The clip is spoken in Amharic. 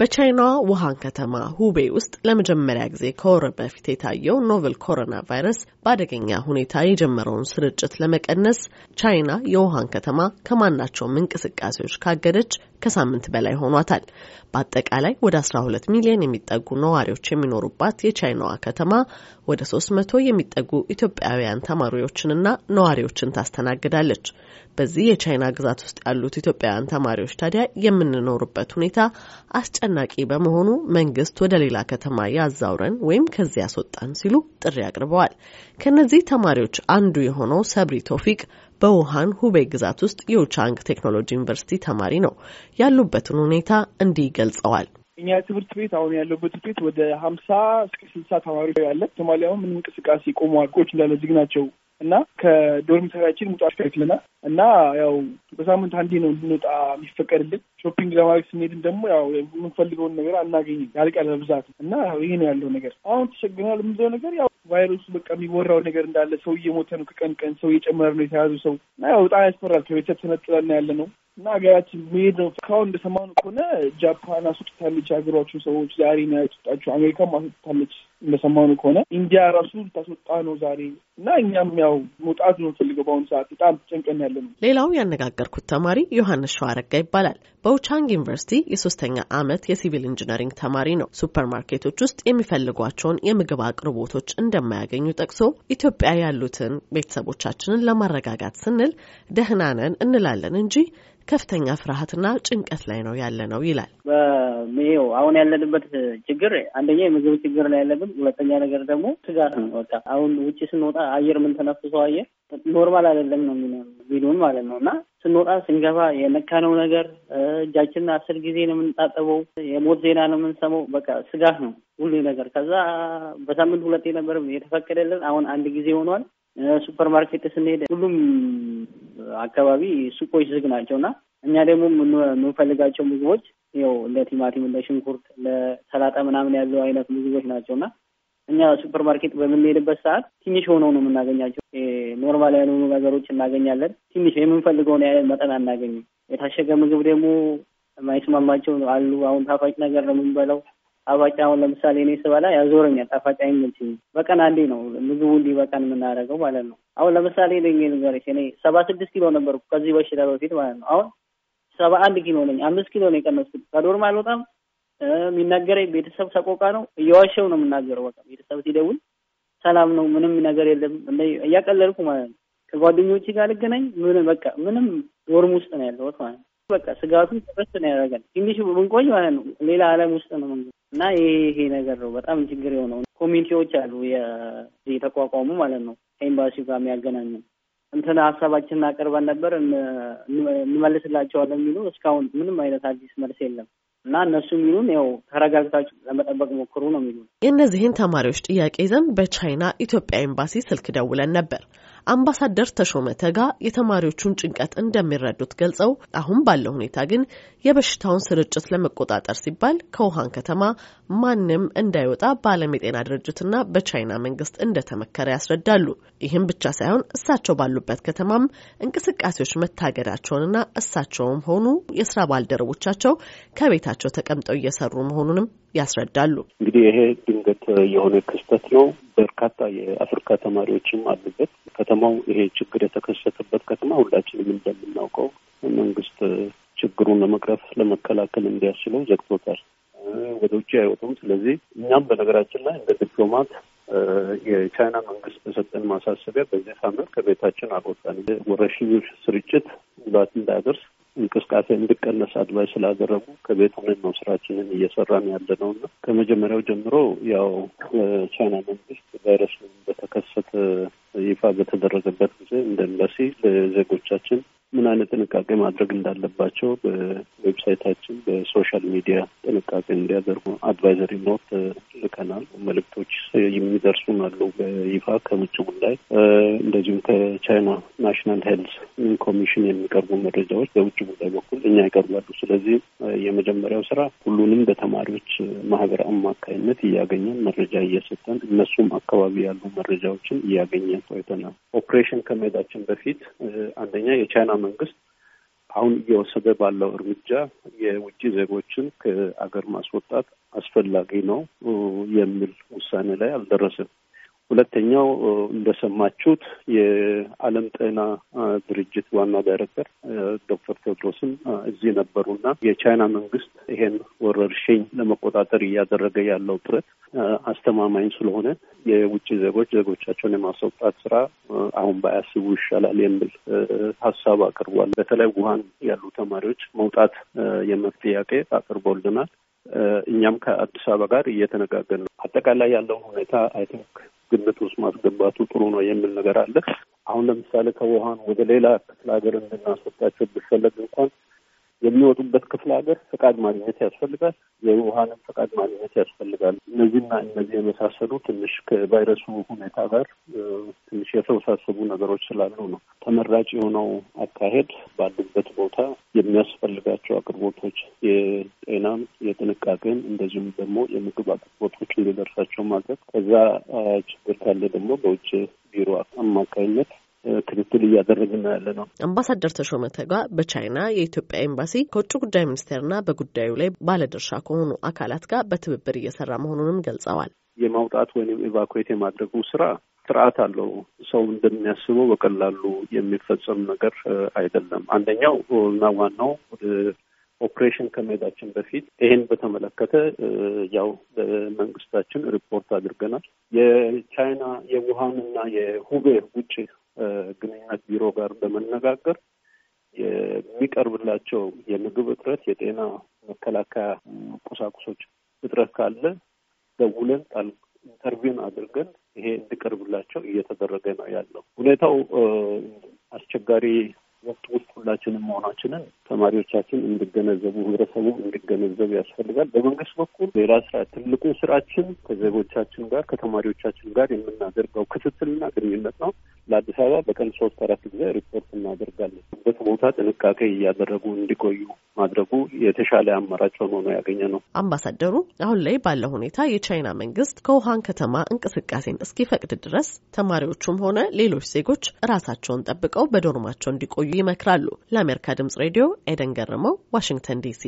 በቻይናዋ ውሃን ከተማ ሁቤ ውስጥ ለመጀመሪያ ጊዜ ከወር በፊት የታየው ኖቨል ኮሮና ቫይረስ በአደገኛ ሁኔታ የጀመረውን ስርጭት ለመቀነስ ቻይና የውሃን ከተማ ከማናቸውም እንቅስቃሴዎች ካገደች ከሳምንት በላይ ሆኗታል። በአጠቃላይ ወደ 12 ሚሊዮን የሚጠጉ ነዋሪዎች የሚኖሩባት የቻይናዋ ከተማ ወደ 300 የሚጠጉ ኢትዮጵያውያን ተማሪዎችንና ነዋሪዎችን ታስተናግዳለች። በዚህ የቻይና ግዛት ውስጥ ያሉት ኢትዮጵያውያን ተማሪዎች ታዲያ የምንኖርበት ሁኔታ አስጨናቂ በመሆኑ መንግስት ወደ ሌላ ከተማ ያዛውረን ወይም ከዚህ ያስወጣን ሲሉ ጥሪ አቅርበዋል። ከነዚህ ተማሪዎች አንዱ የሆነው ሰብሪ ቶፊቅ በውሃን ሁቤ ግዛት ውስጥ የውቻንግ ቴክኖሎጂ ዩኒቨርሲቲ ተማሪ ነው። ያሉበትን ሁኔታ እንዲህ ገልጸዋል። እኛ ትምህርት ቤት አሁን ያለበት ትምህርት ቤት ወደ ሀምሳ እስከ ስልሳ ተማሪ ያለ ሶማሊያ አሁን ምንም እንቅስቃሴ ቆሞ አልቆች እንዳለ ዝግ ናቸው እና ከዶርሚተሪያችን ሙጣ ይክለናል እና ያው በሳምንት አንዴ ነው እንድንወጣ የሚፈቀድልን። ሾፒንግ ለማድረግ ስንሄድም ደግሞ ያው የምንፈልገውን ነገር አናገኝም፣ ያልቃል በብዛት እና ይህ ነው ያለው ነገር። አሁን ተቸግረናል የምንለው ነገር ያው ቫይረሱ በቃ የሚወራው ነገር እንዳለ ሰው እየሞተ ነው፣ ከቀን ቀን ሰው እየጨመረ ነው የተያዙ ሰው እና ያው በጣም ያስፈራል። ከቤተሰብ ተነጥለን ያለ ነው እና ሀገራችን መሄድ ነው። እስካሁን እንደሰማኑ ከሆነ ጃፓን አስወጥታለች ሀገሯችን ሰዎች ዛሬ ነው ያስወጣቸው። አሜሪካም አስወጥታለች። እንደሰማኑ ከሆነ ኢንዲያ ራሱ ልታስወጣ ነው ዛሬ እና እኛም ያው መውጣት ነው ፈልገው በአሁኑ ሰዓት በጣም ጨንቀን ያለ ነው። ሌላው ያነጋገርኩት ተማሪ ዮሐንስ ሸዋረጋ ይባላል። በውቻንግ ዩኒቨርሲቲ የሶስተኛ ዓመት የሲቪል ኢንጂነሪንግ ተማሪ ነው። ሱፐር ማርኬቶች ውስጥ የሚፈልጓቸውን የምግብ አቅርቦቶች እንደማያገኙ ጠቅሶ ኢትዮጵያ ያሉትን ቤተሰቦቻችንን ለማረጋጋት ስንል ደህናነን እንላለን እንጂ ከፍተኛ ፍርሃትና ጭንቀት ላይ ነው ያለ ነው ይላል። በይው አሁን ያለንበት ችግር አንደኛ የምግብ ችግር ነው ያለብን፣ ሁለተኛ ነገር ደግሞ ስጋት ነው። በቃ አሁን ውጭ ስንወጣ አየር የምንተነፍሰው አየር ኖርማል አይደለም ነው የሚሉን ማለት ነው እና ስንወጣ ስንገባ የነካነው ነገር እጃችንን አስር ጊዜ ነው የምንጣጠበው። የሞት ዜና ነው የምንሰማው። በቃ ስጋት ነው ሁሉ ነገር። ከዛ በሳምንት ሁለት የነበር የተፈቀደልን አሁን አንድ ጊዜ ሆኗል። ሱፐር ማርኬት ስንሄድ ሁሉም አካባቢ ሱቆች ዝግ ናቸው እና እኛ ደግሞ የምንፈልጋቸው ምግቦች ይኸው እንደ ቲማቲም፣ እንደ ሽንኩርት፣ እንደ ሰላጣ ምናምን ያለው አይነት ምግቦች ናቸው እና እኛ ሱፐር ማርኬት በምንሄድበት ሰዓት ትንሽ ሆነው ነው የምናገኛቸው። ኖርማል ያልሆኑ ነገሮች እናገኛለን። ትንሽ የምንፈልገውን ያለን መጠን አናገኝም። የታሸገ ምግብ ደግሞ የማይስማማቸው አሉ። አሁን ጣፋጭ ነገር ነው የምንበላው አባጭ አሁን ለምሳሌ እኔ ስበላ ያዞረኛል። ጣፋጭ አይመችኝ። በቀን አንዴ ነው ምግቡ እንዲህ በቀን የምናደርገው ማለት ነው። አሁን ለምሳሌ ለኝ ልንገርሽ፣ እኔ ሰባ ስድስት ኪሎ ነበርኩ ከዚህ በሽታ በፊት ማለት ነው። አሁን ሰባ አንድ ኪሎ ነኝ። አምስት ኪሎ ነው የቀነስኩት። ከዶርም አልወጣም። የሚናገረኝ ቤተሰብ ሰቆቃ ነው። እየዋሸው ነው የምናገረው። በቃ ቤተሰብ ሲደውል ሰላም ነው፣ ምንም ነገር የለም እያቀለልኩ ማለት ነው። ከጓደኞች ጋር ልገናኝ ምን በቃ ምንም ዶርም ውስጥ ነው ያለሁት ማለት ነው። በቃ ስጋቱ ተበስ ነው ያደረገን። ትንሽ ብንቆይ ማለት ነው ሌላ አለም ውስጥ ነው መንገድ እና ይሄ ነገር ነው በጣም ችግር የሆነው። ኮሚኒቲዎች አሉ የተቋቋሙ ማለት ነው ከኤምባሲ ጋር የሚያገናኙ እንትን ሀሳባችንን አቅርበን ነበር እንመልስላቸዋለን የሚሉ እስካሁን ምንም አይነት አዲስ መልስ የለም። እና እነሱ የሚሉን ያው ተረጋግታችሁ ለመጠበቅ ሞክሩ ነው የሚሉ። የእነዚህን ተማሪዎች ጥያቄ ይዘን በቻይና ኢትዮጵያ ኤምባሲ ስልክ ደውለን ነበር። አምባሳደር ተሾመ ተጋ የተማሪዎቹን ጭንቀት እንደሚረዱት ገልጸው አሁን ባለው ሁኔታ ግን የበሽታውን ስርጭት ለመቆጣጠር ሲባል ከውሃን ከተማ ማንም እንዳይወጣ በዓለም የጤና ድርጅትና በቻይና መንግስት እንደተመከረ ያስረዳሉ። ይህም ብቻ ሳይሆን እሳቸው ባሉበት ከተማም እንቅስቃሴዎች መታገዳቸውንና እሳቸውም ሆኑ የስራ ባልደረቦቻቸው ከቤታ ቤታቸው ተቀምጠው እየሰሩ መሆኑንም ያስረዳሉ። እንግዲህ ይሄ ድንገት የሆነ ክስተት ነው። በርካታ የአፍሪካ ተማሪዎችም አሉበት። ከተማው ይሄ ችግር የተከሰተበት ከተማ ሁላችንም እንደምናውቀው መንግስት ችግሩን ለመቅረፍ ለመከላከል እንዲያስችለው ዘግቶታል። ወደ ውጭ አይወጡም። ስለዚህ እኛም በነገራችን ላይ እንደ ዲፕሎማት የቻይና መንግስት በሰጠን ማሳሰቢያ በዚህ ሳምንት ከቤታችን አልወጣንም። ወረሽኞች ስርጭት ጉዳት እንዳያደርስ እንቅስቃሴ እንድቀነስ አድቫይስ ስላደረጉ ከቤት ሆነን ነው ስራችንን እየሰራን ያለ ነው እና ከመጀመሪያው ጀምሮ ያው ቻይና መንግስት ቫይረሱ በተከሰተ ይፋ በተደረገበት ጊዜ እንደ ኤምባሲ ለዜጎቻችን ምን አይነት ጥንቃቄ ማድረግ እንዳለባቸው በዌብሳይታችን በሶሻል ሚዲያ ጥንቃቄ እንዲያደርጉ አድቫይዘሪ ኖት ልከናል። መልእክቶች የሚደርሱን አሉ በይፋ ከውጭ ጉዳይ እንደዚሁም ከቻይና ናሽናል ሄልስ ኮሚሽን የሚቀርቡ መረጃዎች በውጭ ጉዳይ በኩል እኛ ይቀርባሉ። ስለዚህ የመጀመሪያው ስራ ሁሉንም በተማሪዎች ማህበር አማካይነት እያገኘን መረጃ እየሰጠን እነሱም አካባቢ ያሉ መረጃዎችን እያገኘን ቆይተናል። ኦፕሬሽን ከመሄዳችን በፊት አንደኛ የቻይና መንግስት አሁን እየወሰደ ባለው እርምጃ የውጭ ዜጎችን ከአገር ማስወጣት አስፈላጊ ነው የሚል ውሳኔ ላይ አልደረሰም። ሁለተኛው እንደሰማችሁት የዓለም ጤና ድርጅት ዋና ዳይሬክተር ዶክተር ቴዎድሮስም እዚህ ነበሩና የቻይና መንግስት ይሄን ወረርሽኝ ለመቆጣጠር እያደረገ ያለው ጥረት አስተማማኝ ስለሆነ የውጭ ዜጎች ዜጎቻቸውን የማስወጣት ስራ አሁን ባያስቡ ይሻላል የሚል ሀሳብ አቅርቧል። በተለይ ውሃን ያሉ ተማሪዎች መውጣት የመብት ጥያቄ አቅርቦልናል። እኛም ከአዲስ አበባ ጋር እየተነጋገር ነው። አጠቃላይ ያለውን ሁኔታ አይ ግምት ውስጥ ማስገባቱ ጥሩ ነው የሚል ነገር አለ። አሁን ለምሳሌ ከውሃን ወደ ሌላ ክፍለ ሀገር እንድናስወጣቸው ብፈለግ እንኳን የሚወጡበት ክፍለ ሀገር ፈቃድ ማግኘት ያስፈልጋል። የውሃንም ፈቃድ ማግኘት ያስፈልጋል። እነዚህና እነዚህ የመሳሰሉ ትንሽ ከቫይረሱ ሁኔታ ጋር ትንሽ የተወሳሰቡ ነገሮች ስላሉ ነው ተመራጭ የሆነው አካሄድ ባሉበት ቦታ የሚያስፈልጋቸው አቅርቦቶች የጤናም የጥንቃቄም እንደዚሁም ደግሞ የምግብ አቅርቦቶች እንዲደርሳቸው ማድረግ ከዛ ችግር ካለ ደግሞ በውጭ ቢሮ አማካኝነት በትክክል እያደረግን ያለ ነው። አምባሳደር ተሾመ ተጋ በቻይና የኢትዮጵያ ኤምባሲ ከውጭ ጉዳይ ሚኒስቴርና በጉዳዩ ላይ ባለድርሻ ከሆኑ አካላት ጋር በትብብር እየሰራ መሆኑንም ገልጸዋል። የማውጣት ወይም ኢቫኩዌት የማድረጉ ስራ ስርዓት አለው። ሰው እንደሚያስበው በቀላሉ የሚፈጸም ነገር አይደለም። አንደኛው እና ዋናው ወደ ኦፕሬሽን ከመሄዳችን በፊት ይሄን በተመለከተ ያው በመንግስታችን ሪፖርት አድርገናል። የቻይና የውሃንና የሁቤ ውጭ ከግንኙነት ቢሮ ጋር በመነጋገር የሚቀርብላቸው የምግብ እጥረት፣ የጤና መከላከያ ቁሳቁሶች እጥረት ካለ ደውለን ጣል ኢንተርቪውን አድርገን ይሄ እንዲቀርብላቸው እየተደረገ ነው ያለው። ሁኔታው አስቸጋሪ ወቅት ውስጥ ሁላችንም መሆናችንን ተማሪዎቻችን እንዲገነዘቡ ህብረተሰቡ እንዲገነዘቡ ያስፈልጋል። በመንግስት በኩል ሌላ ስራ ትልቁ ስራችን ከዜጎቻችን ጋር ከተማሪዎቻችን ጋር የምናደርገው ክትትልና ግንኙነት ነው። ለአዲስ አበባ በቀን ሶስት አራት ጊዜ ሪፖርት እናደርጋለን። በት ቦታ ጥንቃቄ እያደረጉ እንዲቆዩ ማድረጉ የተሻለ አማራጭ ሆኖ ነው ያገኘ ነው። አምባሳደሩ አሁን ላይ ባለው ሁኔታ የቻይና መንግስት ከውሃን ከተማ እንቅስቃሴን እስኪፈቅድ ድረስ ተማሪዎቹም ሆነ ሌሎች ዜጎች ራሳቸውን ጠብቀው በዶርማቸው እንዲቆዩ ይመክራሉ። ለአሜሪካ ድምጽ ሬዲዮ ኤደን ገረመው፣ ዋሽንግተን ዲሲ